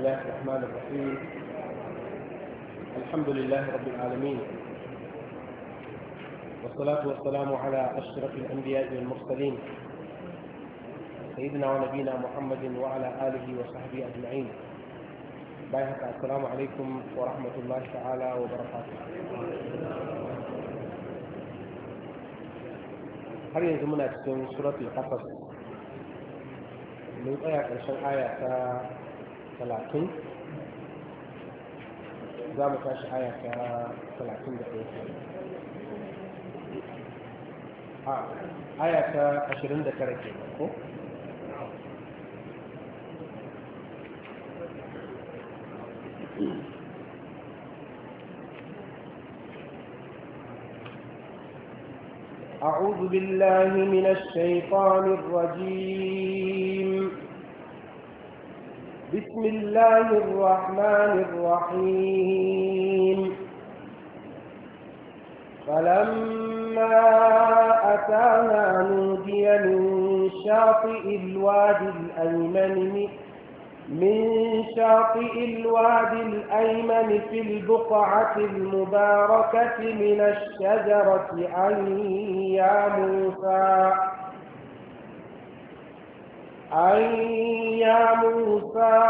الله الرحمن الرحيم الحمد لله رب العالمين والصلاة والسلام على أشرف الأنبياء والمرسلين سيدنا ونبينا محمد وعلى آله وصحبه أجمعين بايحك السلام عليكم ورحمة الله تعالى وبركاته هل يزمنا تكون سورة القصص من آية الشرعية آية ثلاثين زابو كاش آية ثلاثين دقيقة ها آه، آية عشرين دقيقة أعوذ بالله من الشيطان الرجيم بسم الله الرحمن الرحيم فلما أتانا نودي من شاطئ الوادي الأيمن من شاطئ الوادي الأيمن في البقعة المباركة من الشجرة أن يا موسى أن يا موسى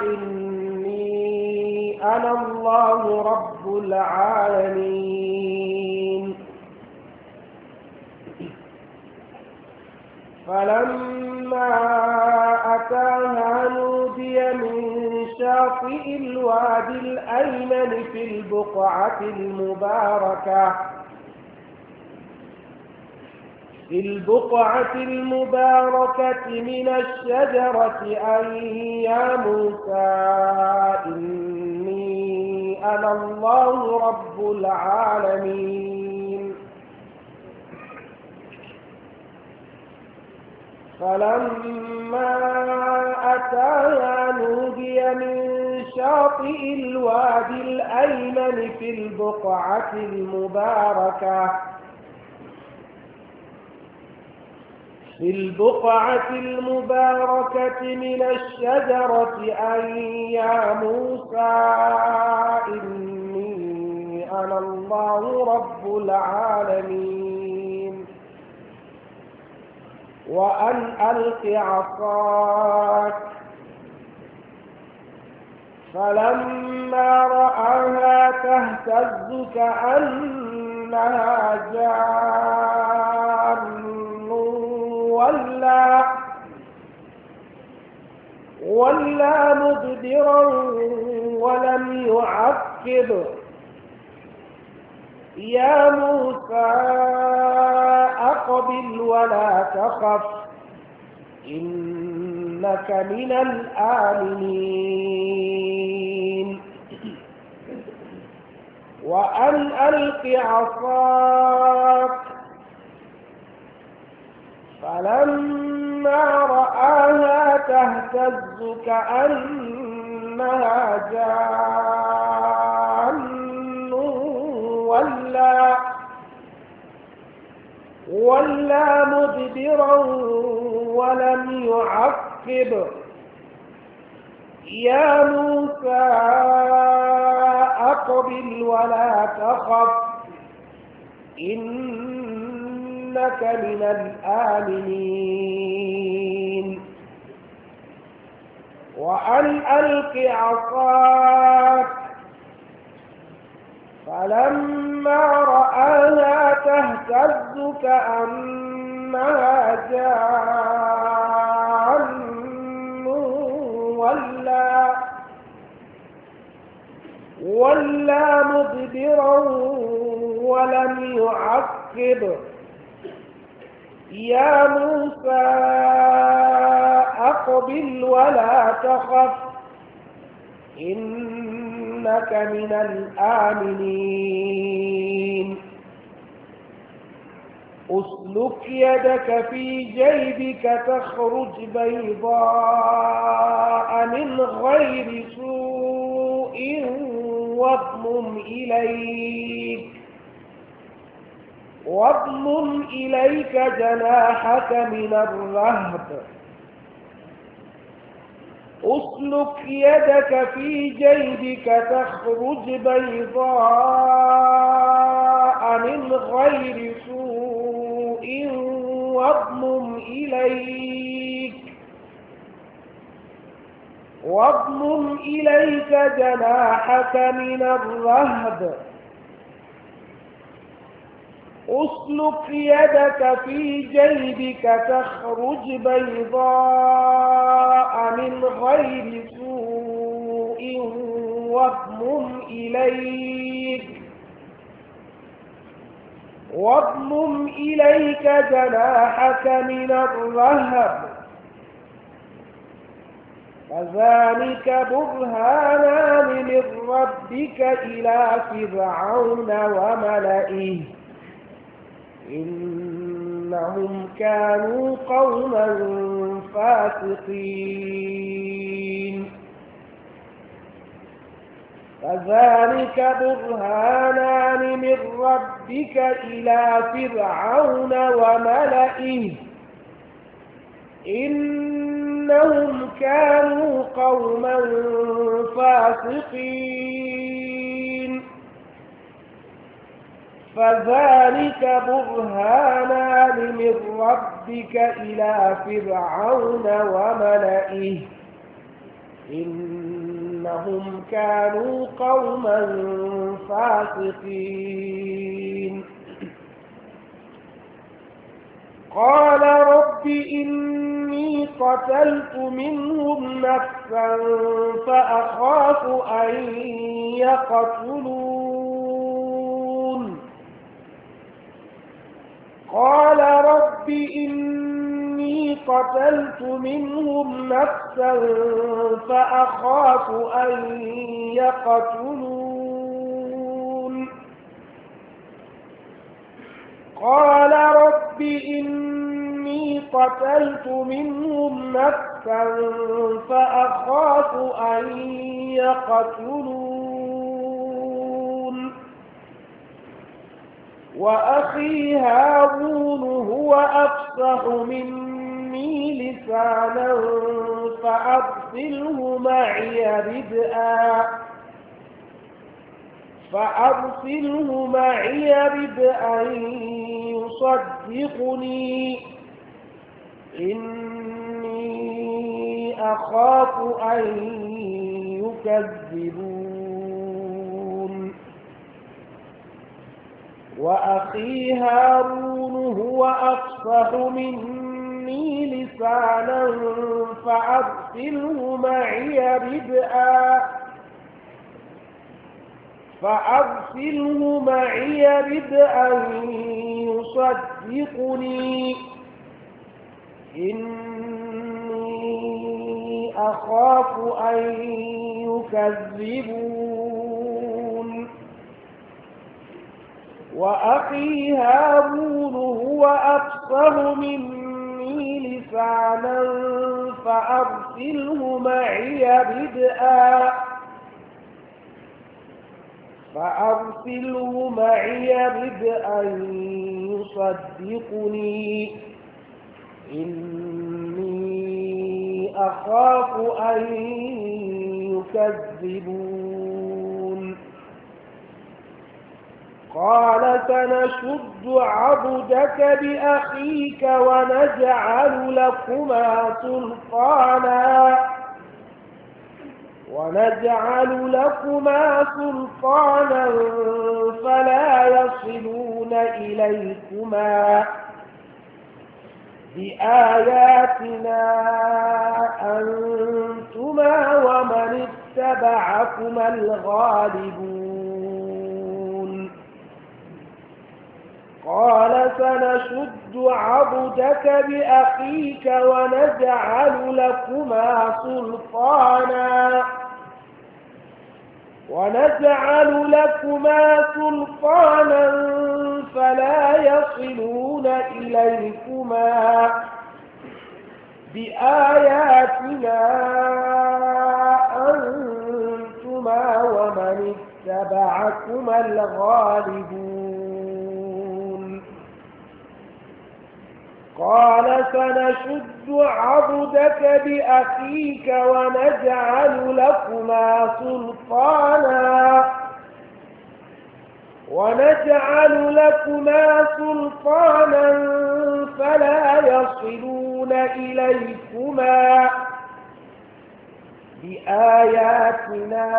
إني أنا الله رب العالمين فلما أتاها نودي من شاطئ الوادي الأيمن في البقعة المباركة في البقعة المباركة من الشجرة أن يا موسى إني أنا الله رب العالمين فلما أتاها نودي من شاطئ الوادي الأيمن في البقعة المباركة في البقعة المباركة من الشجرة أي يا موسى إني أنا الله رب العالمين وأن ألق عصاك فلما رآها تهتز كأنها جان ولى ولى مدبرا ولم يعقب يا موسى أقبل ولا تخف إنك من الآمنين وأن ألق عصاك فلما رآها تهتز كأنها جان ولا ولا مدبرا ولم يعقب يا موسى أقبل ولا تخف إن إنك من الآمنين وأن ألق عصاك فلما رآها تهتز كأنها جان ولا ولا مدبرا ولم يعقب يا موسى أقبل ولا تخف إنك من الآمنين أسلك يدك في جيبك تخرج بيضاء من غير سوء واضمم إليك واضمم إليك جناحك من الرهب أسلك يدك في جيبك تخرج بيضاء من غير سوء واضمم إليك واضمم إليك جناحك من الرهب أسلك يدك في جيبك تخرج بيضاء من غير سوء واضمم إليك واضمم إليك جناحك من الرهب فذلك برهانا من ربك إلى فرعون وملئه إنهم كانوا قوما فاسقين فذلك برهانان من ربك إلى فرعون وملئه إنهم كانوا قوما فاسقين فذلك برهانان من ربك إلى فرعون وملئه إنهم كانوا قوما فاسقين قال رب إني قتلت منهم نفسا فأخاف أن يقتلون قال رب إني قتلت منهم نفسا فأخاف أن يقتلون قال رب إني قتلت منهم نفسا فأخاف أن يقتلون وأخي هارون هو أفصح مني لسانا فأرسله معي ردءا فأرسله معي ردءا يصدقني إني أخاف أن يكذبون وأخي هارون هو أفصح مني لسانا فأرسله معي بدءا فأرسله معي ردءا يصدقني إني أخاف أن يكذبون وأخي هارون هو أفصه مني لسانا فأرسله معي بدءا فأرسله معي بدءا يصدقني إني أخاف أن يكذبون قال سنشد عبدك بأخيك ونجعل لكما سلطانا ونجعل لكما سلطانا فلا يصلون إليكما بآياتنا أنتما ومن اتبعكما الغالبون قال سنشد عبدك بأخيك ونجعل لكما سلطانا ونجعل لكما سلطانا فلا يصلون إليكما بآياتنا أنتما ومن اتبعكما الغالبون قال سنشد عبدك بأخيك ونجعل لكما سلطانا ونجعل لكما سلطانا فلا يصلون إليكما بآياتنا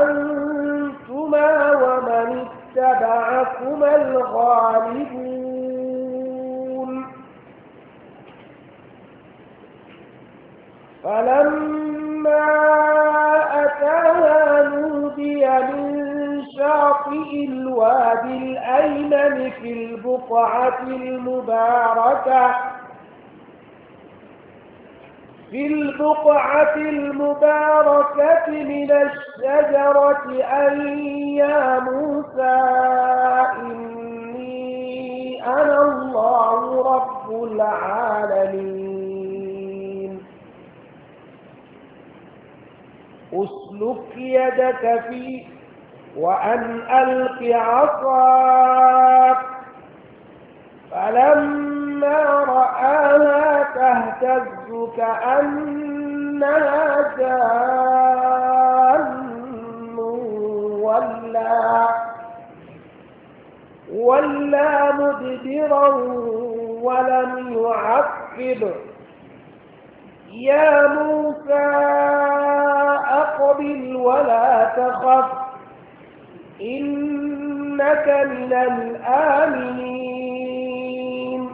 أنتما ومن اتبعكما الغالبون فلما أتاها نودي من شاطئ الوادي الأيمن في البقعة المباركة في البقعة المباركة من الشجرة أن يا موسى إني أنا الله رب العالمين أسلك يدك في وأن ألق عصاك فلما رآها تهتز كأنها جان ولا ولا مدبرا ولم يعقب يا موسى أقبل ولا تخف إنك من الآمنين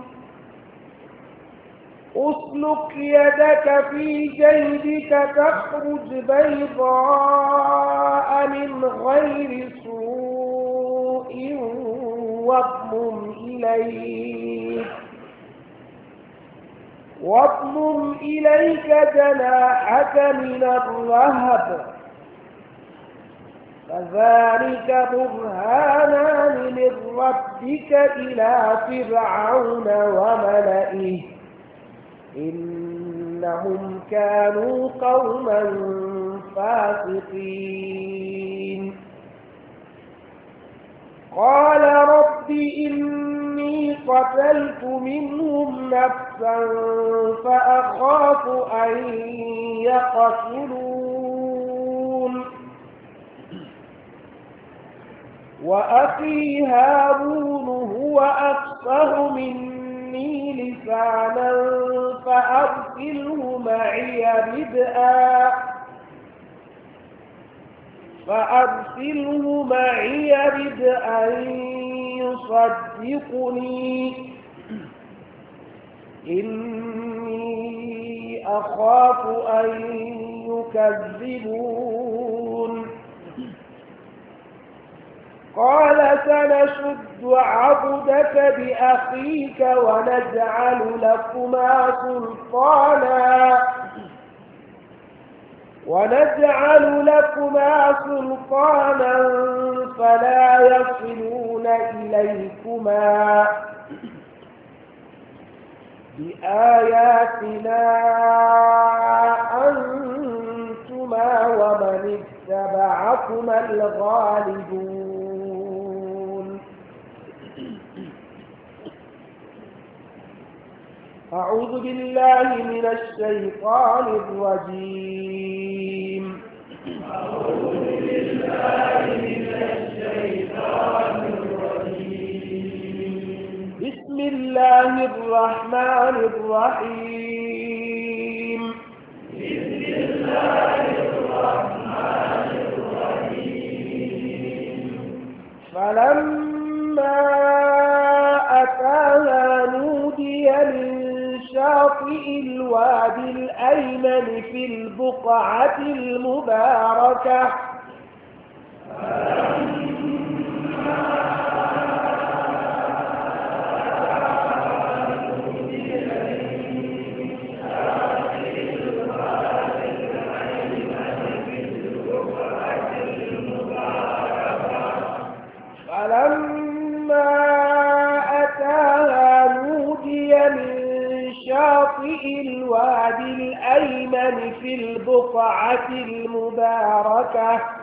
أسلك يدك في جيبك تخرج بيضاء من غير سوء واضمم إليك واضمم إليك جناحك من الرهب فذلك برهانان من ربك إلى فرعون وملئه إنهم كانوا قوما فاسقين قال رب إن إني قتلت منهم نفسا فأخاف أن يقتلون وأخي هارون هو أكثر مني لسانا فأرسله معي بدءا فأرسله معي يرد أن يصدقني إني أخاف أن يكذبون قال سنشد عبدك بأخيك ونجعل لكما سلطانا ونجعل لكما سلطانا فلا يصلون إليكما بآياتنا أنتما ومن اتبعكما الغالبون أعوذ بالله من الشيطان الرجيم أعوذ بالله من الشيطان الرجيم بسم الله الرحمن الرحيم بسم الله الرحمن الرحيم فلما أتاها نودي من شاطئ الوادي الأيمن في البقعة المباركة الأيمن في البقعة المباركة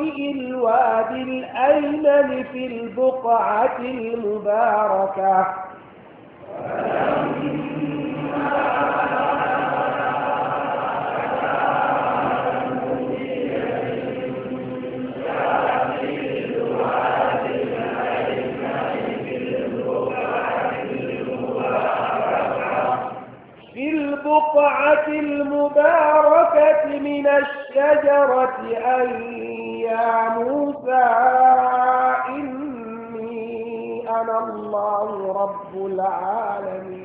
طريق الواد الأيمن في البقعة المباركة في البقعة المباركة من الشجرة أن يا موسى إني أنا الله رب العالمين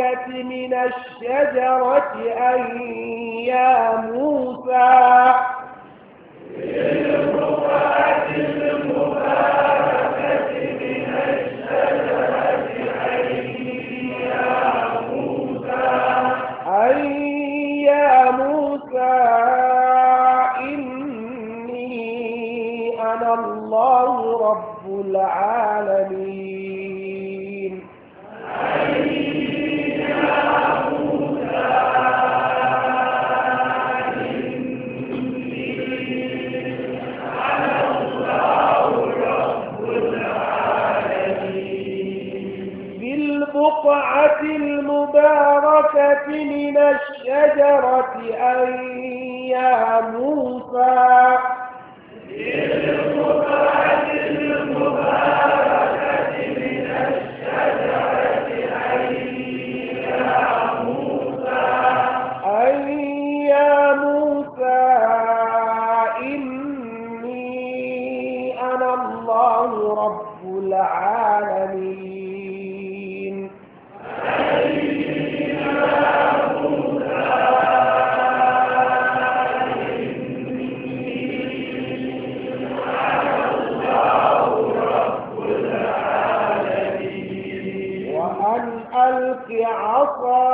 البركة من الشجرة أن يا موسى الشجرة أن يا موسى وَالصَّالِحِينَ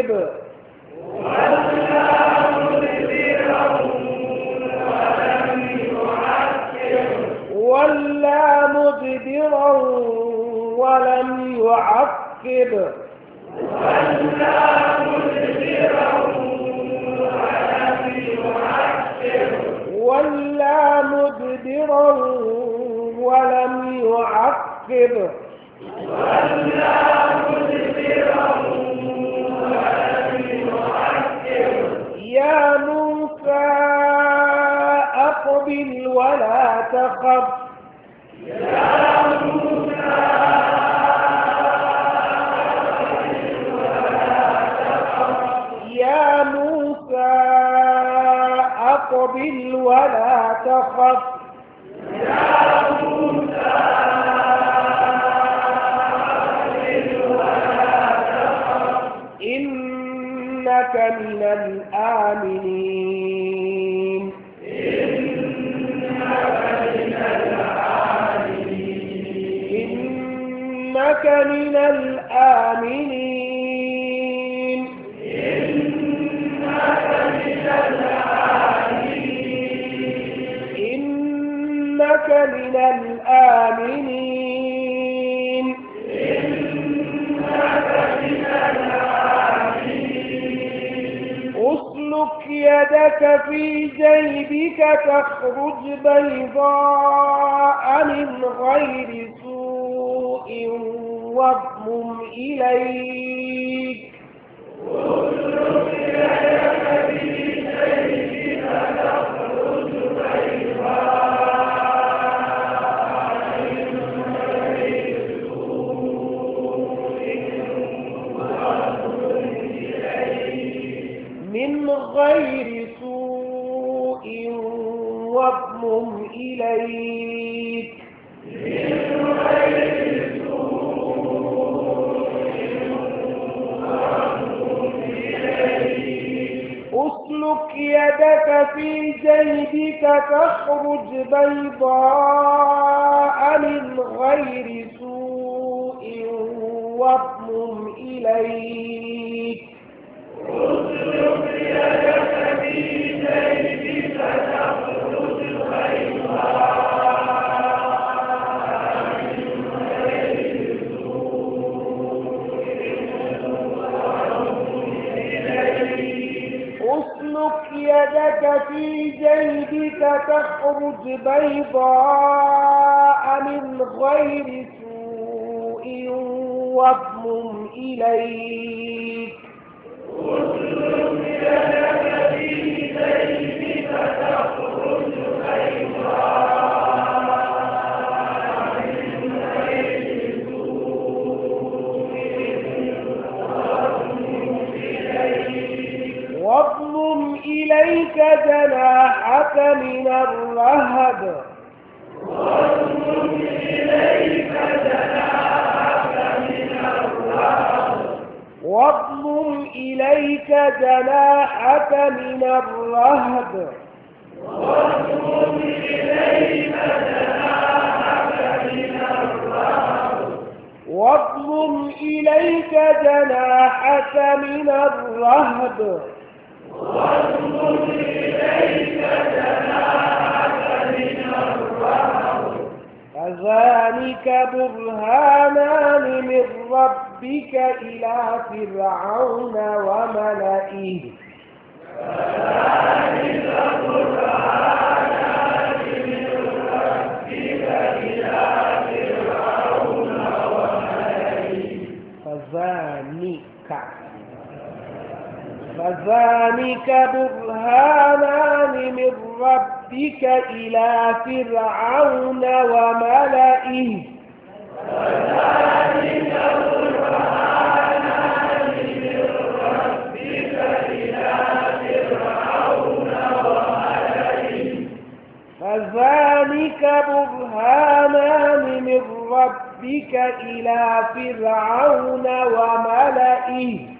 neighbor غير سوء واضمم إليك العهد وانظر إليك جناحك من الرهب فذلك برهانان من ربك إلى فرعون وملئه فذلك برهانان فذلك برهانان من ربك إلى فرعون وملئه فذلك برهانان من ربك إلى فرعون وملئه فذلك برهانان من ربك إلى فرعون وملئه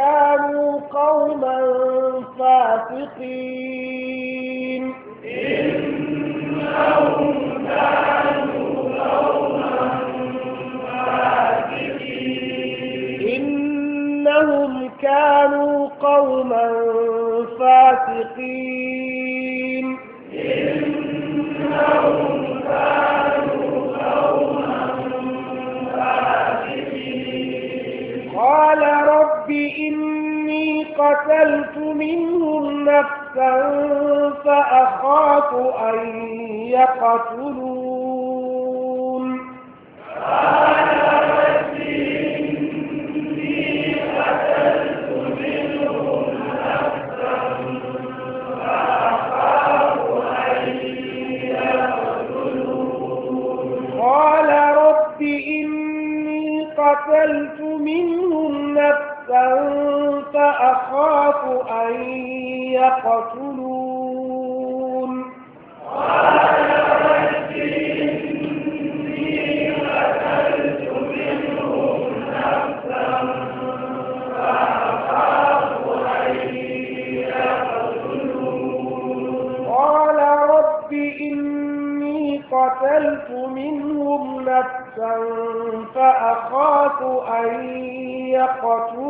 كانوا قوما فاسقين إنهم كانوا قوما فاسقين إنهم كانوا قوما فاسقين إنهم كانوا قوما فاسقين قال رب إني قتلت منهم نفسا فأخاف أن يقتلون قال رب إني قتلت منهم نفسا فأخاف أن يقتلون قال رب إني قتلت أنت أخاف أن يقتلون قال رب فأخاف أن يقتلون قال رب إني قتلت منهم نفسا فأخاف أن يقتلون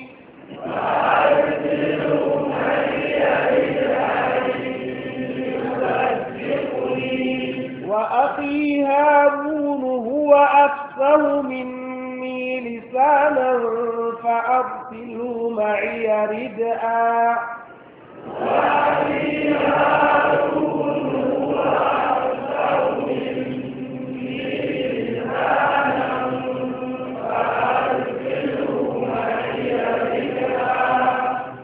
أفه مني لسانا فأرسله معي ردءا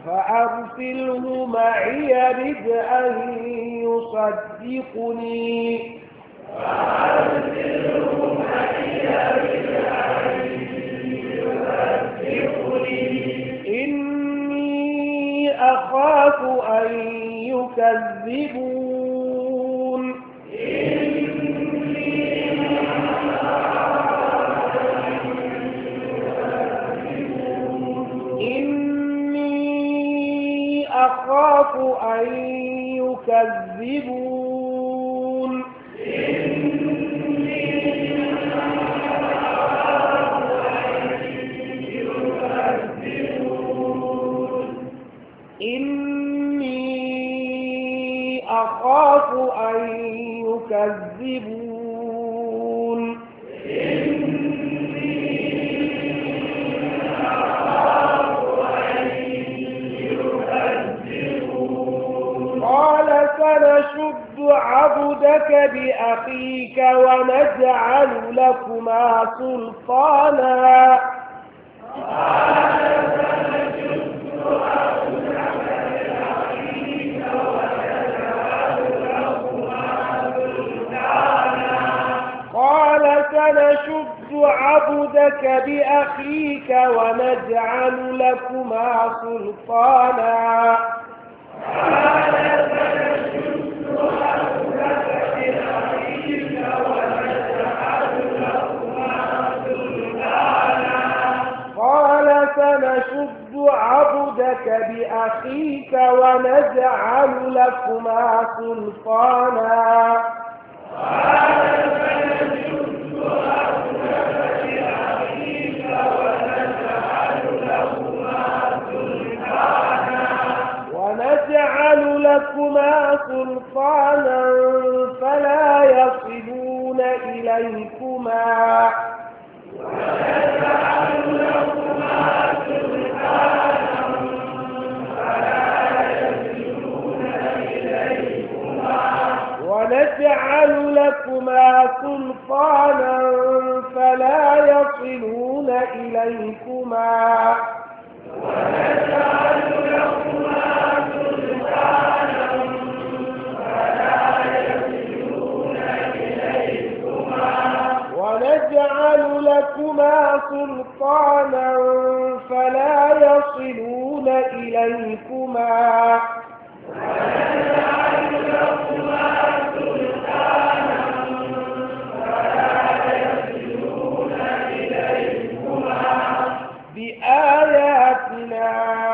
فأرسله معي ردءا يصدقني فأرسله تكذبون إني أخاف أن يكذبون عبدك بأخيك ونجعل لكما سلطانا قال سنشد عبدك بأخيك ونجعل لكما سلطانا قال لك بأخيك ونجعل لكما سلطانا ونجعل لكما سلطانا فلا يصلون إليكما لكما سلطانا فلا يصلون إليكما ونجعل لكما سلطانا فلا يصلون إليكما ونجعل لكما سلطانا فلا يصلون إليكما ونجعل لكما آياتنا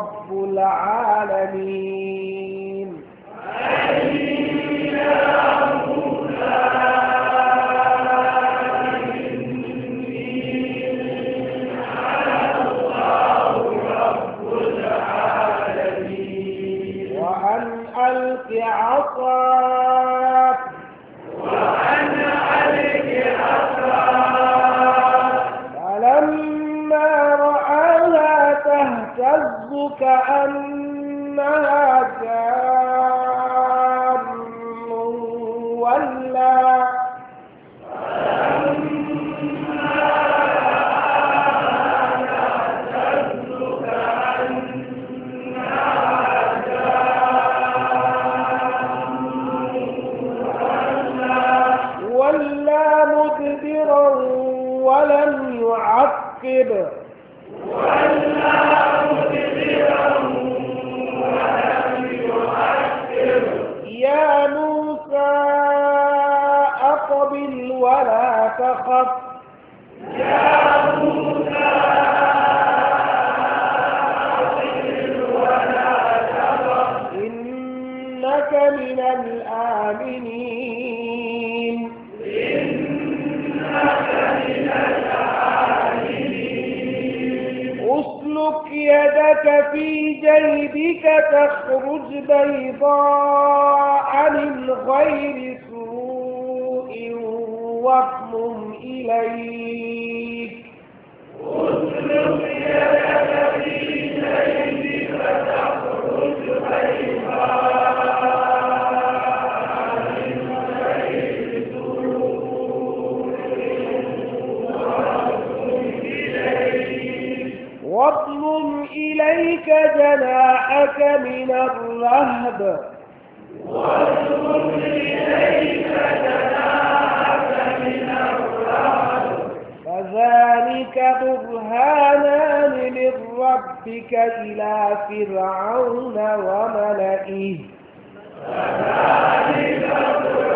رب العالمين بيضاء إليك جناحك من الرهب واجر إليك جناحك من الرهب فذلك برهانان من ربك إلى فرعون وملئه فذلك برهانان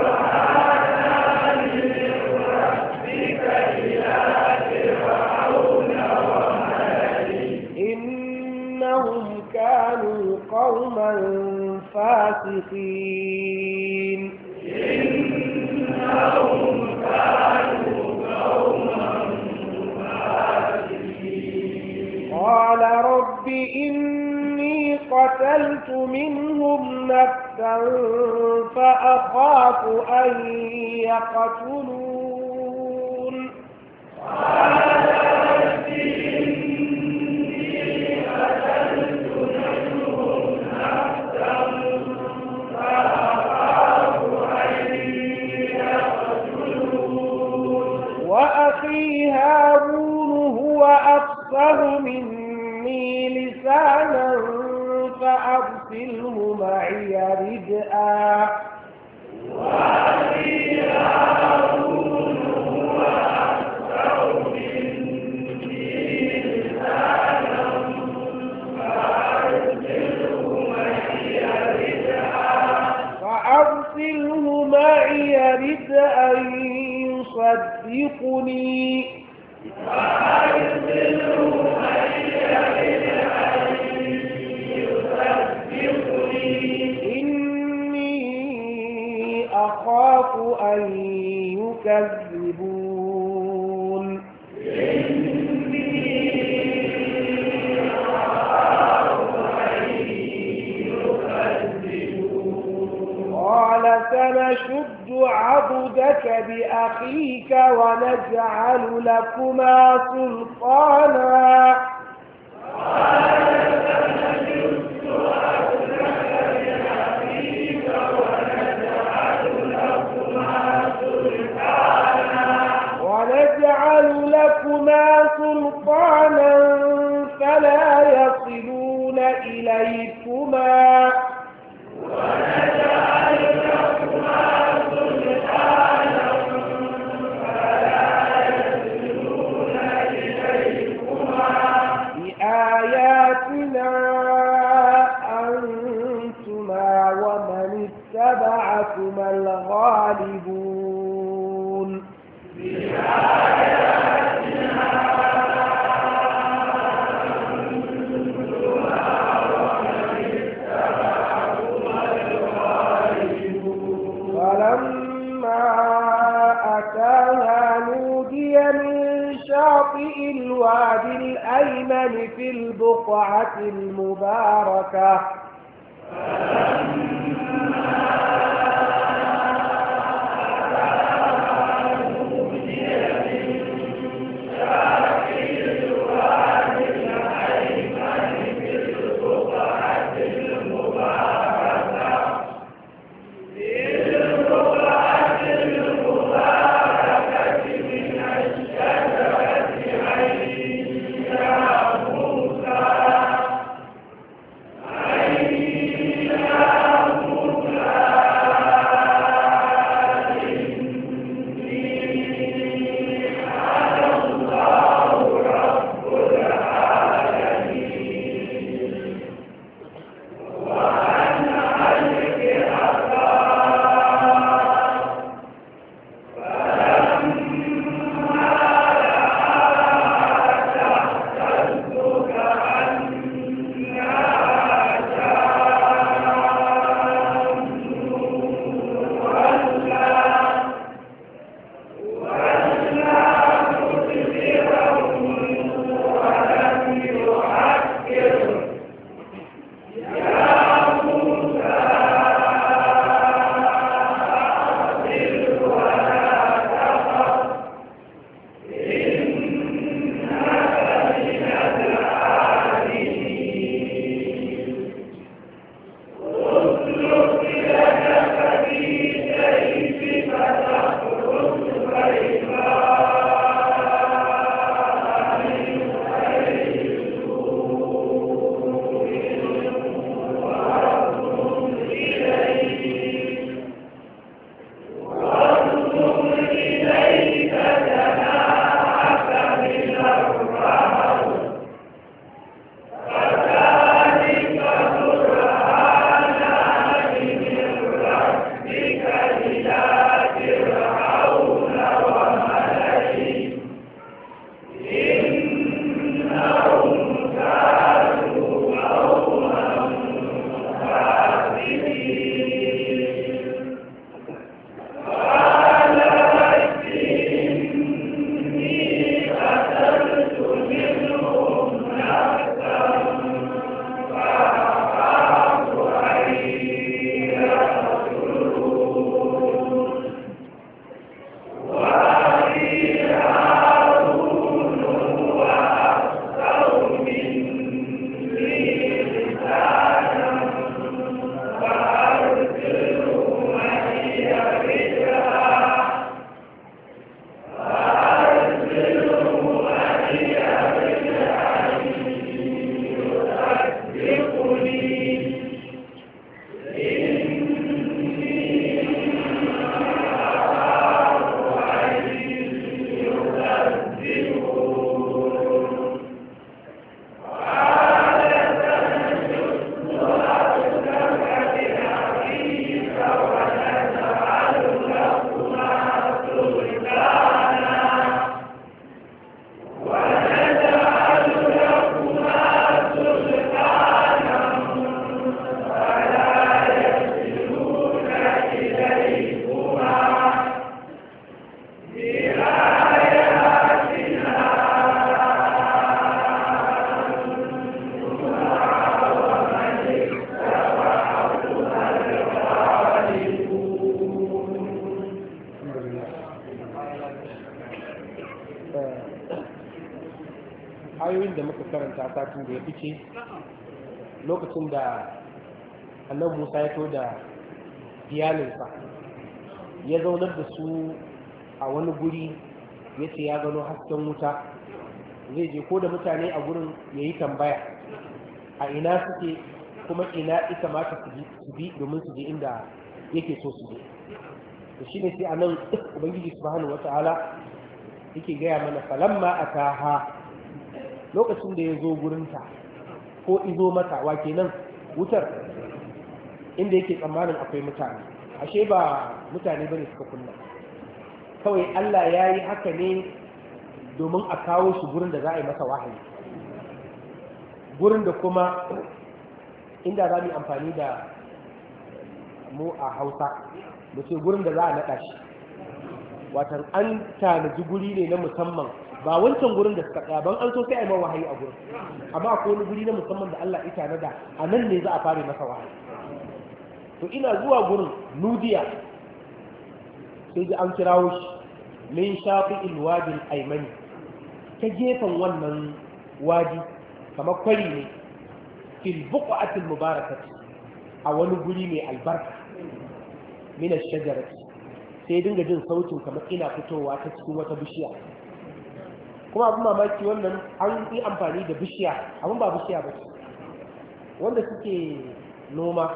قوما فاسقين إنهم كانوا قوما فاسقين قال رب إني قتلت منهم نفسا فأخاف أن يقتلون قال إنسانا فأرسله معي ردءا لسانا فأرسله معي رجاء فأرسله معي ردءا يصدقني فأرسله أخاف أن يكذبون قال سنشد عبدك بأخيك ونجعل لكما سلطانا القطعة المباركة zaunar da su a wani guri ya ce ya gano hasken wuta zai je ko da mutane a gurin ya yi tambaya a ina suke kuma ina ita mata su bi domin su je inda yake so su je da shi ne sai a nan ubangiji subhanahu wata ala, yake gaya mana falamma a taha lokacin da ya zo gurinta ko izo mata wa kenan wutar inda yake tsammanin akwai mutane ashe ba mutane bane suka kunna kawai Allah ya yi haka ne domin a kawo shi gurin da za a yi masa wahayi gurin da kuma inda za mu amfani da mu a hausa mu ce gurin da za a naɗa shi watan an tanaji guri ne na musamman ba wancan gurin da suka tsaya ban an so sai a yi wahayi a gurin amma akwai wani guri na musamman da Allah ita na da a nan ne za a fara masa wahayi to ina zuwa gurin nudiya sai ji an kirawo shi min shafi ilwadin aimani ta gefen wannan wadi kamar kwari ne fil buqatil mubarakat a wani guri mai albarka min ash sai dinga jin sautin kamar ina fitowa ta cikin wata bishiya kuma abin mamaki wannan an yi amfani da bishiya abin ba bishiya ba wanda suke noma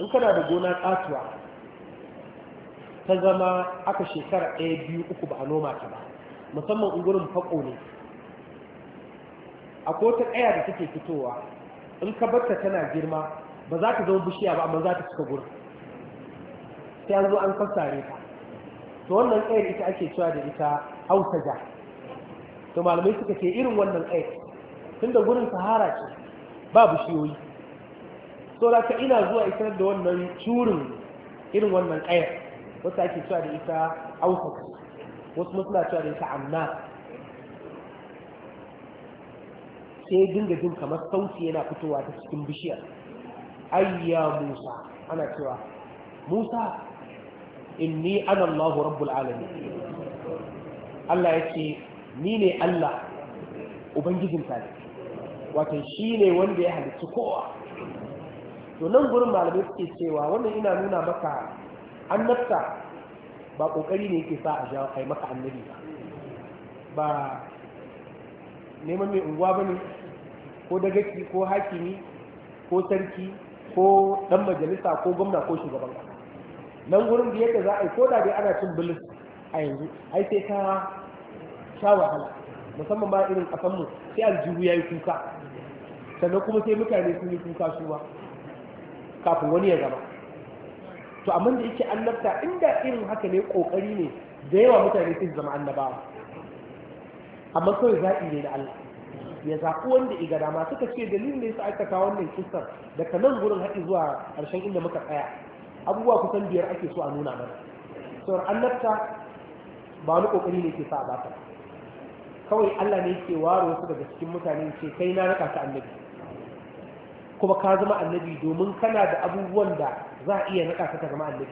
in kana da gona katuwa ta zama aka shekara ɗaya biyu uku ba a noma ta ba musamman in gurin fako ne a wata ƙaya da take fitowa in ka barta tana girma ba za ta zama bishiya ba amma za ta cika gurin sai an zo an sassare ta to wannan ƙayar ita ake cewa da ita hausa ja to malamai suka ke irin wannan ƙayar tunda gurin sahara ce ba bishiyoyi so da ka ina zuwa isar da wannan curin irin wannan ƙayar wata ake cewa da ita ausaka wasu na cewa da ita amma sai dinga jin kamar sauti yana fitowa ta cikin bishiyar ayya musa ana cewa musa inni ana allahu rabbul alamin allah ya ce ni ne allah ubangijin tare wato shi ne wanda ya halittu kowa to nan gurin malamai suke cewa wannan ina nuna maka annabta ba kokari ne yake sa a jawo kai maka annabi ba ba neman mai unguwa ba ne ko dagaki ko hakimi ko sarki ko dan majalisa ko gwamna ko shugaban kasa nan gurin da yadda za a yi ko da dai ana cin bilis a yanzu ai sai ka sha wahala musamman ma irin kasanmu sai aljihu ya yi kuka sannan kuma sai mutane sun yi kuka su kafin wani ya zama to amma da yake annabta inda irin haka ne kokari ne da yawa mutane sun zama annabawa amma kawai zaɓi ne na Allah ya zaɓi wanda iga dama suka ce dalilin da ya sa kawo wannan kisar daga nan gurin haɗi zuwa ƙarshen inda muka tsaya abubuwa kusan biyar ake so a nuna mana sauran annabta ba wani kokari ne ke sa a bata kawai Allah ne ke waro su daga cikin mutane ce kai na raka ta annabi kuma ka zama annabi domin kana da abubuwan da za a iya naka ka zama annabi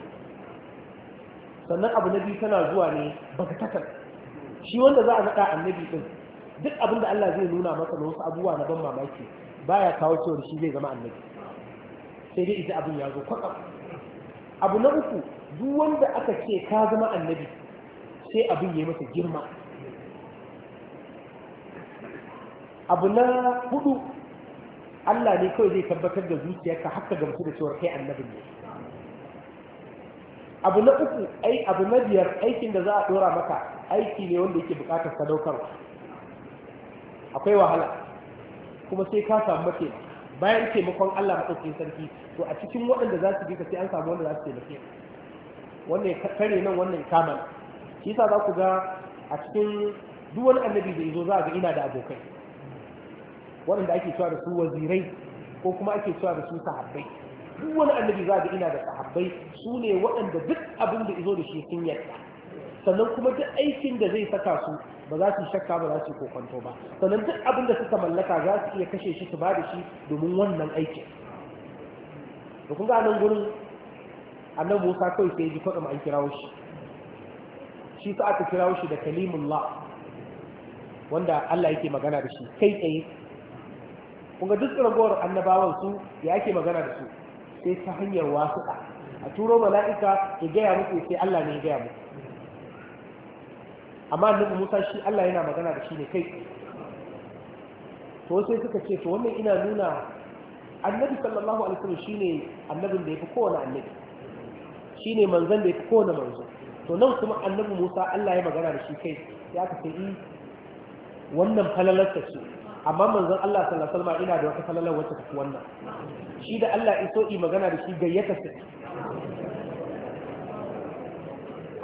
sannan abu nabi tana zuwa ne ba bakatakan shi wanda za a naka annabi din duk abin da Allah zai nuna masa na wasu abubuwa na ban mamaki baya kawo cewar shi zai zama annabi sai dai idan abin ya zo kwatsam abu na uku duk wanda aka ce ka zama annabi sai abin ya yi masa girma abu na hudu Allah ne kawai zai tabbatar da zuciyarka haka gamsu da cewar kai annabin ne abu na uku ai abu na biyar aikin da za a dora maka aiki ne wanda yake bukatar sadaukar akwai wahala kuma sai ka samu mace bayan taimakon Allah madaukakin sarki to a cikin waɗanda za su bi ka sai an samu wanda za su taimake wannan kare nan wannan kamar shi yasa za ku ga a cikin duk wani annabi da yazo za a ga ina da abokai waɗanda ake cewa da su wazirai ko kuma ake cewa da su sahabbai duk wani annabi za ga ina da sahabbai su ne waɗanda duk abin da izo da shi sun yarda sannan kuma duk aikin da zai saka su ba za su shakka ba za su kwanto ba sannan duk abin da suka mallaka za su iya kashe shi su ba da shi domin wannan aikin da kun ga nan gurin annabi Musa kai sai ji kwaɗa an kirawo shi shi sa aka kirawo shi da kalimullah wanda Allah yake magana da shi kai tsaye kun ga duk ragowar annabawan su ya ake magana da su sai ta hanyar wasuɗa a turo mala'ika ya gaya muku sai Allah ne ya gaya muku amma annabi Musa shi Allah yana magana da shi ne kai to sai suka ce to wannan ina nuna annabi sallallahu alaihi wasallam shine annabin da yafi kowane annabi shine manzon da yafi kowane manzo to nan kuma annabi Musa Allah ya magana da shi kai ya ka sai eh, wannan falalarsa ce amma manzon Allah sallallahu alaihi wasallam ina da wata falalar wacce ta wannan shi da Allah iso yi magana da shi gayyata sa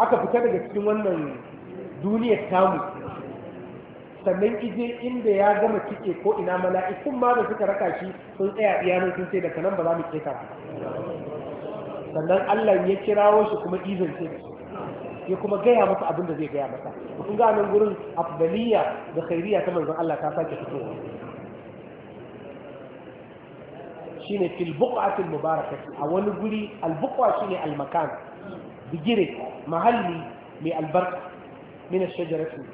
aka fita daga cikin wannan ta tamu sannan ije inda ya gama cike ko ina mala'ikun ma da suka raka shi sun tsaya ne sun ce daga nan ba za mu ka. sannan Allah ya kirawo shi kuma izon da shi ya kuma gaya masa abin da zai gaya masa kun ga nan gurin afdaliya da khairiya ta manzon Allah ta sake fitowa shine fil buq'ati al mubarakati a wani guri al buq'a shine al makan bigire mahalli mai albarka min ash shajarati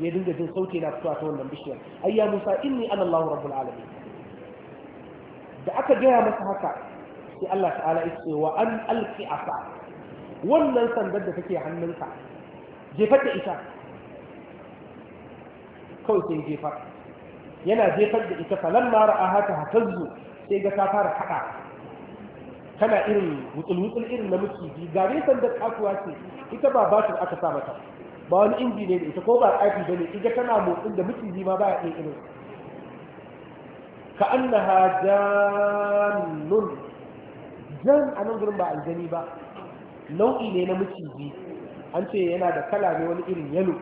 ya dinga jin sauti na fitowa ta wannan bishiyar ayya musa inni ana allah rabbul alamin da aka gaya masa haka sai Allah ta'ala ya ce wa an alqi asa wannan sandar da take hannunsa jefar da ita kawai sai jefar yana jefar da ita falan mara a haka hatazzu sai ga ta fara haɗa Kana irin wutsul-wutsul irin na miciji ga dai sandar kasuwa ce ita ba batir aka sa mata ba wani inji ne da ita ko ba ƙafi ba ne ita tana motsin da miciji ma ba ya ɗaya irin ka annaha jannun jan a nan gurin ba aljani ba nau'i ne na maciji an ce yana da kala ne wani irin yalo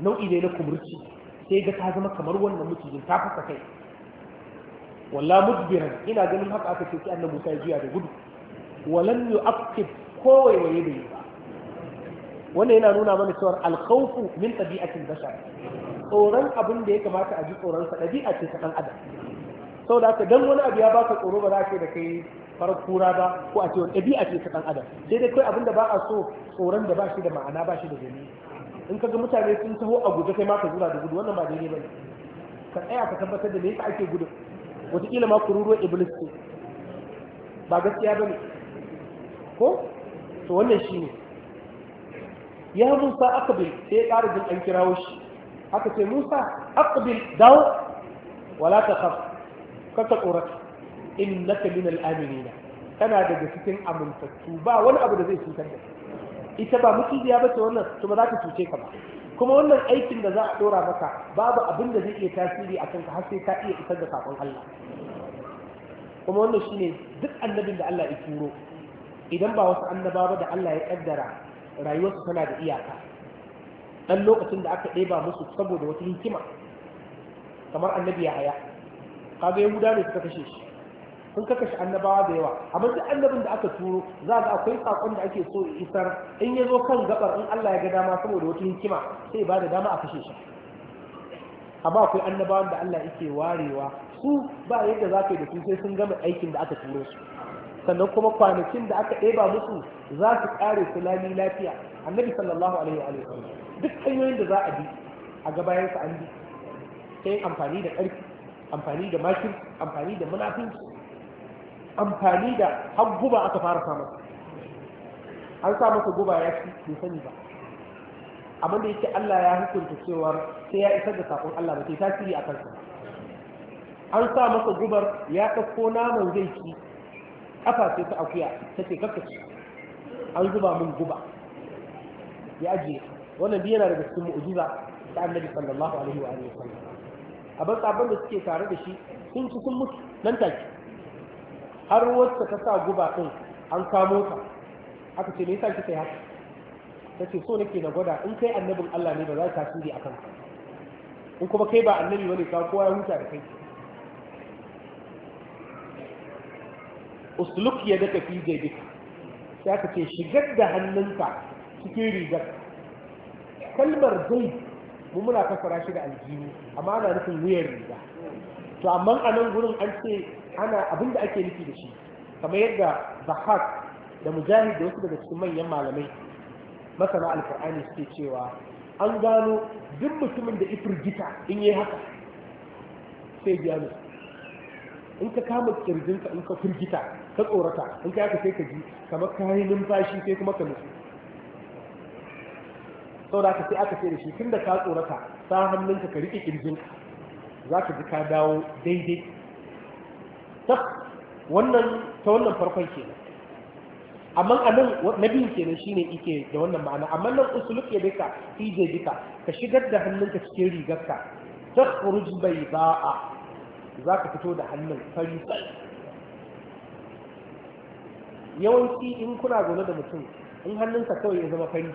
nau'i ne na kumurci sai ga ta zama kamar wannan macijin ta fasa kai walla mudbiran ina ganin haka aka ce annabi Musa ya da gudu walan yu'aqib kowai waye yi ba wannan yana nuna mana cewa al-khawfu min tabi'atil bashar tsoron abin da ya kamata a ji tsoron sa dabi'a ce ta dan adam saboda haka dan wani abu ya baka tsoro ba za ka da kai farar kura ba ko a cewa ɗabi'a ce ta ɗan adam Daidai dai kai abinda ba a so tsoron da ba shi da ma'ana ba shi da gani. in ka ga mutane sun taho a guje kai ma ka zura da gudu wannan ba daidai ba ne ka tsaya ka tabbatar da me yasa ake gudu wataƙila ma kururuwar iblis ce ba gaskiya ba ne ko to wannan shi ne ya musa akabil sai ya ƙara jin an kirawo shi aka ce musa akabil dawo wala ta kar ka tsorata innaka minal aminina kana daga cikin amintattu ba wani abu da zai cutar da ita ba mutubiya ba ce wannan to ba za ta cuce ka ba kuma wannan aikin da za a dora maka babu abin da zai iya tasiri a kanka har sai ka iya isar da sakon Allah kuma wannan shine duk annabin da Allah ya turo idan ba wasu annaba ba da Allah ya kaddara rayuwarsu tana da iyaka dan lokacin da aka ɗeba musu saboda wata hikima kamar annabi ya haya kaga yahuda ne suka kashe shi sun kaka shi annabawa da yawa amma duk annabin da aka turo za ga akwai sakon da ake so isar in ya zo kan gabar in Allah ya ga dama saboda wata hikima sai ba da dama a kashe shi amma akwai annabawan da Allah yake warewa su ba yadda za ka yi da su sai sun gama aikin da aka turo su sannan kuma kwanakin da aka ɗeba musu za su ƙare su lami lafiya annabi sallallahu alaihi wa sallam duk hanyoyin da za a bi a gabayansa an bi sai amfani da ƙarfi amfani da makin amfani da munafinci amfani da har guba aka fara samun an sa masa guba ya bai sani ba amma da yake Allah ya hukunta cewa sai ya isar da sakon Allah ba sai tasiri a kansa an sa masa gubar ya ɗauko naman zai ci ƙafa sai ta akuya ta ce karkace an zuba min guba ya ajiye wannan biyu yana daga cikin mu'ujiza, ta annabi sallallahu alaihi wa alihi a ban tsabar da suke tare da shi sun ci sun mutu nan take har wacce ta sa guba ɗin an kamo ta aka ce me yasa kika yi haka ta ce so nake na gwada in kai annabin Allah ne ba za ka tasiri a kanka in kuma kai ba annabi wani ka kowa ya huta da kai usluk ya daga fi jaybika sai aka ce shigar da hannunka cikin rigar kalmar zai mu muna fasara shi da aljihu amma ana nufin wuyar riga to amma a nan gurin an ce ana abin da ake nufi da shi kamar yadda bahak da mujahid da wasu daga cikin manyan malamai masana alkur'ani suke cewa an gano duk mutumin da gita in yi haka sai biya musu in ka kama kirjinka in ka firgita ka tsorata in ka yaka sai ka ji kamar kayi numfashi sai kuma ka nutsu sau da aka sai aka sai da shi tun da ka tsorata sa hannunka ka riƙe kirjinka za ka ji ka dawo daidai wannan ta wannan farkon kenan amma a nan na ke kenan shine ike da wannan ma'ana amma nan usuluk ya bika ije bika ka shigar da hannunka cikin rigarka takhruj bayda'a zaka fito da hannun fari yawanci in kuna zaune da mutum in hannunsa kawai ya zama fari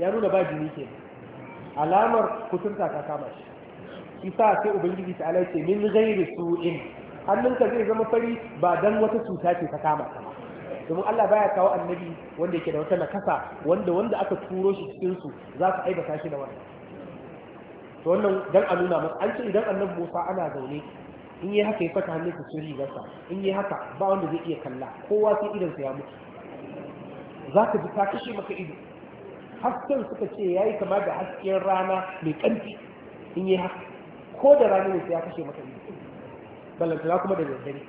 ya nuna ba jini ke alamar kuturta ta kama shi isa sai ubangiji ta alaƙe min ghairi su'in hannunka zai zama fari ba dan wata cuta ce ta kama ka ba domin Allah baya kawo annabi wanda yake da wata nakasa wanda wanda aka turo shi cikin su za su aibata shi da wannan to wannan dan a nuna masa an ce idan annabi Musa ana zaune in yi haka ya saka hannun sa cikin rigarsa in yi haka ba wanda zai iya kalla kowa sai idan sa ya mutu za ka ji ta kashe maka ido hasken suka ce yayi kama da hasken rana mai kanti in yi haka ko da rana ne sai ya kashe maka ido ballantana kuma da daddare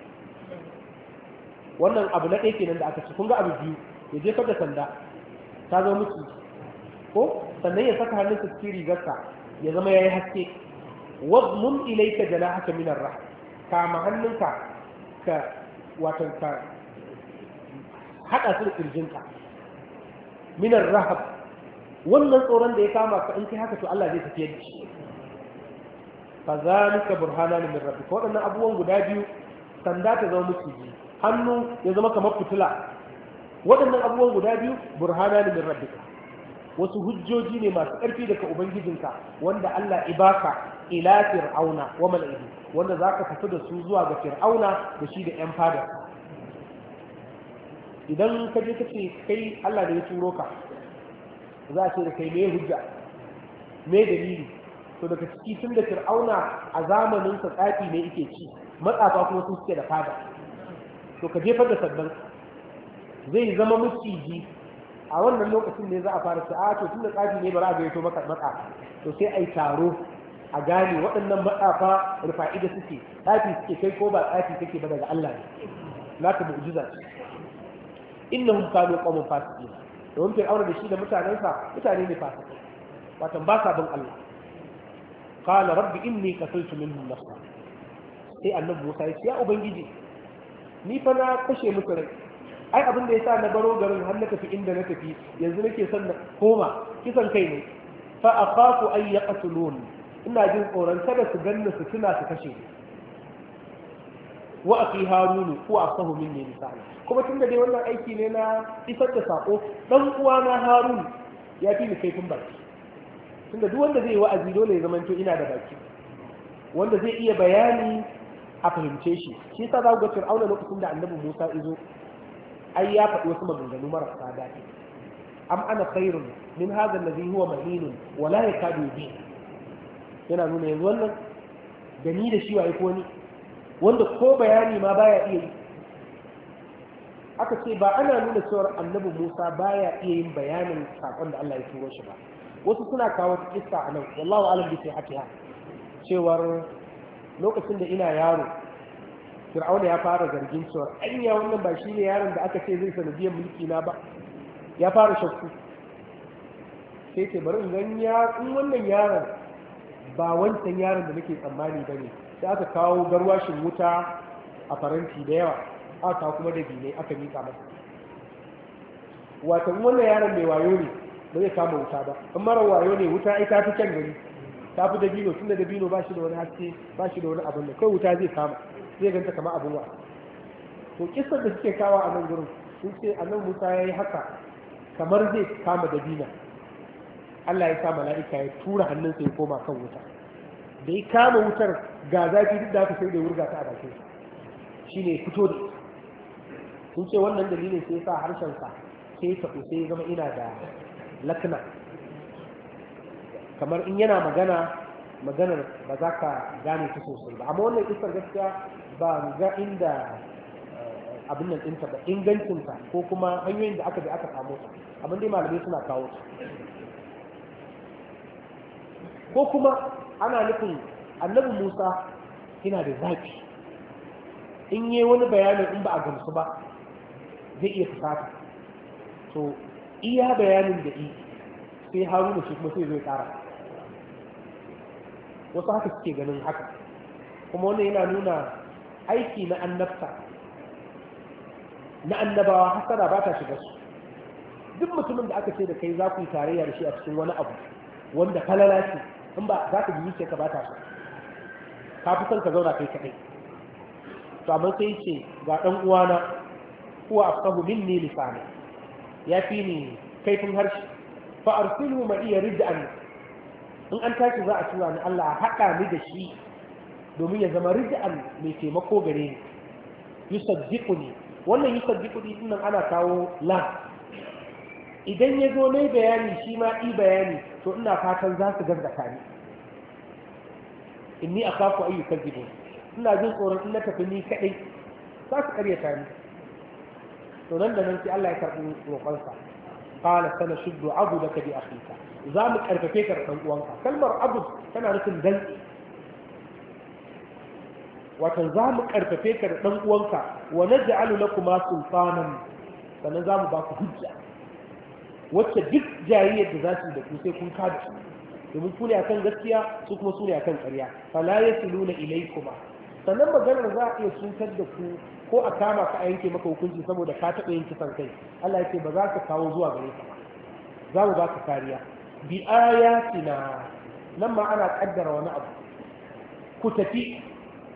wannan abu na ɗaya kenan da aka ci kun ga abu biyu ya jefar da sanda ta zo mutu ko sannan ya saka hannunsa cikin rigarsa ya zama ya yi haske wadmum ilaika jana haka minar rah ma hannunka ka wato ka haɗa su da ƙirjinka minar rahab wannan tsoron da ya kama ka in kai haka to Allah zai tafiye da shi fazalika burhanan min rabbik waɗannan abubuwan guda biyu sanda ta zama ji hannu ya zama kamar fitila waɗannan abubuwan guda biyu burhanan min rabbik wasu hujjoji ne masu karfi daga ubangijinka wanda Allah ibaka ila fir'auna wa mal'ihi wanda zaka tafi da su zuwa ga fir'auna da shi da yan fada idan ka je ka ce kai Allah da ya turo ka za a ce da kai me hujja me dalili to daga ciki tun da fir'auna a zamanin sa tsafi ne yake ci matsafa kuma sun suke da fada to ka jefar da sabban zai zama maciji a wannan lokacin ne za a fara sa'a to tun da tsafi ne ba za a gaito maka matsafa to sai a yi taro a gane waɗannan matsafa rufa'i da suke tsafi suke kai ko ba tsafi take ba daga Allah ne la ta mu'jiza innahum kanu qawman fasiqin domin fir'auna da shi da mutanensa mutane ne fasikai wato ba sa bin Allah qala rabbi inni qataltu minhum nafsan sai annabi Musa ya ce ya ubangiji ni fa na kashe musu rai ai abin da yasa na baro garin har na tafi inda na tafi yanzu nake son na koma kisan kai ne fa akhafu an yaqtulun ina jin tsoron kada su ganna su tuna su kashe ni wa aki harunu ko asahu minni misali kuma tunda dai wannan aiki ne na isar da sako dan uwa na harun ya fi ni kaifin baki tunda duk wanda zai yi wa'azi dole ya zamanto ina da baki wanda zai iya bayani a fahimce shi shi yasa za ku ga Fir'auna lokacin da Annabi Musa izo ai ya faɗi wasu maganganu marasa daɗi am ana khairun min hadha alladhi huwa mahinun wa la yakadu bi yana nuna yanzu wannan gani da shi wai ko ni wanda ko bayani ma baya iya yi aka ce ba ana nuna cewar annabi Musa baya iya yin bayanin sakon da Allah ya turo shi ba wasu suna kawo ta kissa a nan wallahu alam bi sihatiha cewar lokacin da ina yaro fir'auna ya fara zargin cewa anya wannan ba shine yaron da aka ce zai sanadiyar mulki na ba ya fara shakku sai ce bari in gan ya in wannan yaron ba wancan yaron da nake tsammani bane sai aka kawo garwashin wuta a faranti da yawa aka kuma da bine aka mika masa wato wannan yaron mai wayo ne ba zai kama wuta ba in mara wayo ne wuta ai ta can kyan gari ta fi dabino tunda dabino ba shi da wani haske ba shi da wani abin da kai wuta zai kama zai ganta kama abin wa to kissar da suke kawo a nan gurin sun ce a nan musa ya yi haka kamar zai kama dabina Allah ya sa mala'ika ya tura hannunsa ya koma kan wuta da ya kama wutar ga zafi duk da aka sai da wurga ta a bakin shi ne fito da sun ce wannan dalilin sai ya sa harshensa sai ya tafi sai ya zama ina da lakna kamar in yana magana maganar ba za ka gane ta sosai ba amma wannan isar gaskiya ba ga inda eh, abin nan ɗinta ba ingancinta ko kuma hanyoyin da aka bi aka samu ta abin dai malamai suna kawo ta ko kuma ana nufin annabi musa yana da zafi in yi wani bayanin in ba a gamsu ba zai iya fusata to iya bayanin da yi sai haruna shi kuma sai zai kara wasu haka suke ganin haka kuma wannan yana nuna aiki na annabta na annabawa hasara ba ta shiga su duk mutumin da aka ce da kai za ku yi tarayya da shi a cikin wani abu wanda falala ce in ba za ka biyu ce ka ba ta so ka fi son ka zauna kai kaɗai to amma sai ce ga ɗan uwana kuwa afkahu ne lisani ya fi ni kaifin harshe fa arsilhu ma iya rid'an in an tashi za a tura ni Allah haɗa ni da shi domin ya zama rid'an mai taimako gare ni yusaddiquni wannan yusaddiquni din nan ana kawo la idan ya zo mai bayani shi ma i bayani to ina fatan za su gaskata ni inni akhafu ayyukadhibun ina jin tsoron in na tafi ni kadai za su karyata ni to nan da nan sai Allah ya karɓi roƙonsa qala sana shuddu abudaka bi akhika za mu karfafe ka da uwanka kalmar abud tana nufin dantse wato za mu karfafe ka da dan uwanka wa naj'alu lakuma sultanan sannan za mu ba ku hujja wacce duk jariyar da za su da ku sai kun kada su domin su ne akan gaskiya su kuma su ne akan ƙarya fala yasiluna ilaykuma sannan maganar za a iya cutar da ku ko a kama ka a yanke maka hukunci saboda ka taɓa yin kisan kai Allah ya ce ba za ka kawo zuwa gare ka ba za mu ba ka kariya bi ayatina nan ma ana kaddara wani abu ku tafi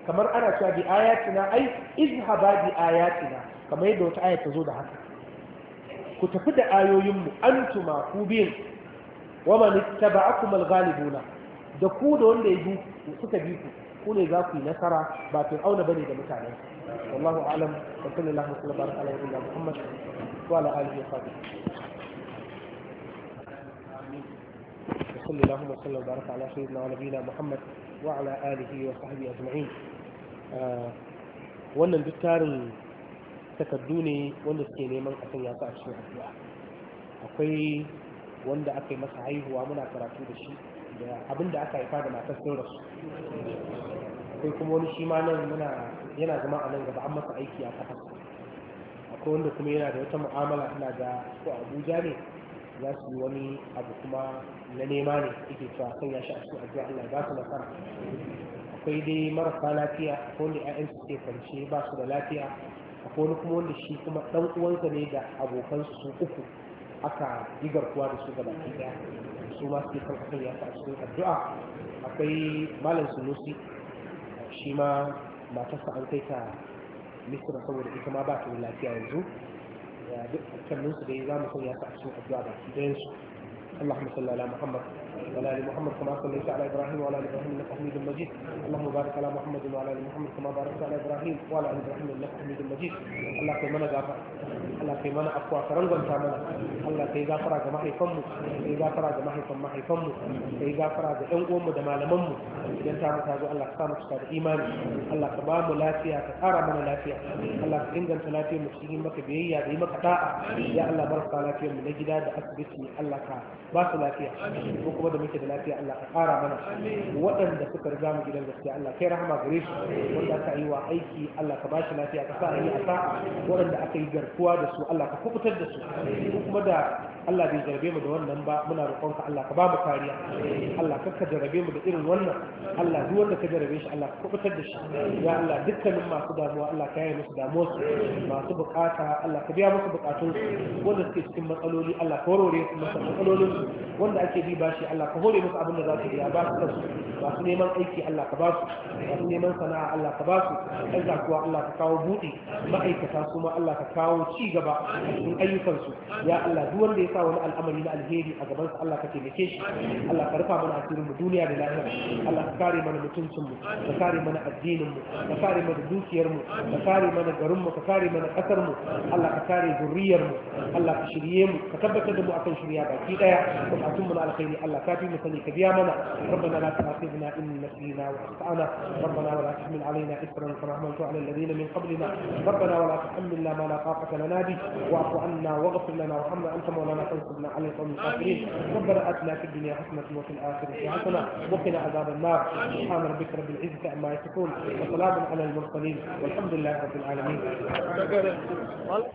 kamar ana cewa bi ayatina ai izhaba bi ayatina kamar yadda wata aya ta zo da haka ku tafi da ayoyinmu antuma ku biyin wa man ittaba'akum al-ghalibuna da ku da wanda ya bi suka bi ku ku ne za ku yi nasara ba fir'auna bane da mutanen والله أعلم وصلى الله وسلم وبارك على نبينا محمد وعلى وصحبه وصلى وسلم وبارك على سيدنا ونبينا محمد وعلى وصحبه wannan duk tarin takardu ne wanda suke neman a sanya su a cikin addu'a akwai wanda aka yi masa haihuwa muna karatu da shi da abin da aka haifa da matar sun rasu akwai kuma wani shi ma nan muna yana zama a nan gaba an masa aiki a kafar akwai wanda kuma yana da wata mu'amala ina da ko abuja ne za su yi wani abu kuma na nema ne yake cewa sun ya shi a cikin Allah ba su nasara akwai dai marasa lafiya akwai wanda ya'yan su ke kwance ba su da lafiya akwai wani kuma wanda shi kuma ɗan uwansa ne da abokan su uku aka yi garkuwa da su gaba ɗaya su ma suke kan akan ya a cikin addu'a akwai malam sunusi shi ma matarsa an kai ta misira saboda ita ma ba ta da lafiya yanzu duk kanninsu da ya zamu sanya su a cikin addu'a baki ɗayansu allah صل على محمد وعلى ال محمد كما صليت على ابراهيم وعلى ال ابراهيم انك حميد مجيد اللهم بارك على محمد وعلى ال محمد كما باركت على ابراهيم وعلى ال ابراهيم انك حميد مجيد الله كي منا غفر الله كي منا اقوى كرنغم تامنا الله كي غفر ga mahaifanmu kai gafara ga mahaifan mahaifanmu kai gafara ga ƴan uwanmu da malamanmu idan ta mata zo Allah ka sa mu da imani Allah ka ba mu lafiya ka ƙara mana lafiya Allah ka inganta lafiyar mu cikin maka biyayya da yi maka da'a ya Allah barka lafiyar mu na gida da asibiti Allah ka ba su lafiya kuma da muke da lafiya Allah ka kara mana waɗanda suka riga mu gidan gaskiya Allah kai rahama gare su wanda aka yi wa aiki Allah ka bashi lafiya ka sa yi a sa waɗanda aka yi garkuwa da su Allah ka kubutar da su kuma da Allah bai jarabe mu da wannan ba muna roƙonka Allah ka ba mu kariya Allah ka ka jarabe mu da irin wannan Allah duk wanda ka jarabe shi Allah ka kubutar da shi ya Allah dukkanin masu damuwa Allah ka yaye musu damuwar su masu bukata Allah ka biya musu bukatun su wanda suke cikin matsaloli Allah ka warware su matsalolin su wanda ake bi bashi Allah ka hore musu abin da za su biya ba su kansu ba su neman aiki Allah ka ba su ba su neman sana'a Allah ka ba su ɗan kasuwa Allah ka kawo buɗe ma'aikata su ma Allah ka kawo ci gaba a cikin ayyukansu ya Allah duk wanda ya sa wani al'amari na alheri a gaban sa Allah ka taimake shi Allah ka rufa mana asirin mu duniya da lahira Allah ka kare mana mutuncin mu ka kare mana addinin mu ka kare mana dukiyar mu ka kare mana garin mu ka kare mana kasar mu Allah ka kare zuriyar mu Allah ka shirye mu ka tabbatar da mu akan shirya baki daya bukatun mu na alkhairi Allah كافي مثل كبيامنا ربنا لا تؤاخذنا إن نسينا وأخطأنا ربنا ولا تحمل علينا إثرا كما حملت على الذين من قبلنا ربنا ولا تحملنا ما لا طاقة لنا به واعف عنا واغفر لنا وارحمنا أنت مولانا فانصرنا على القوم الكافرين ربنا آتنا في الدنيا حسنة وفي الآخرة حسنة وقنا عذاب النار سبحان ربك رب العزة عما يصفون وسلام على المرسلين والحمد لله رب العالمين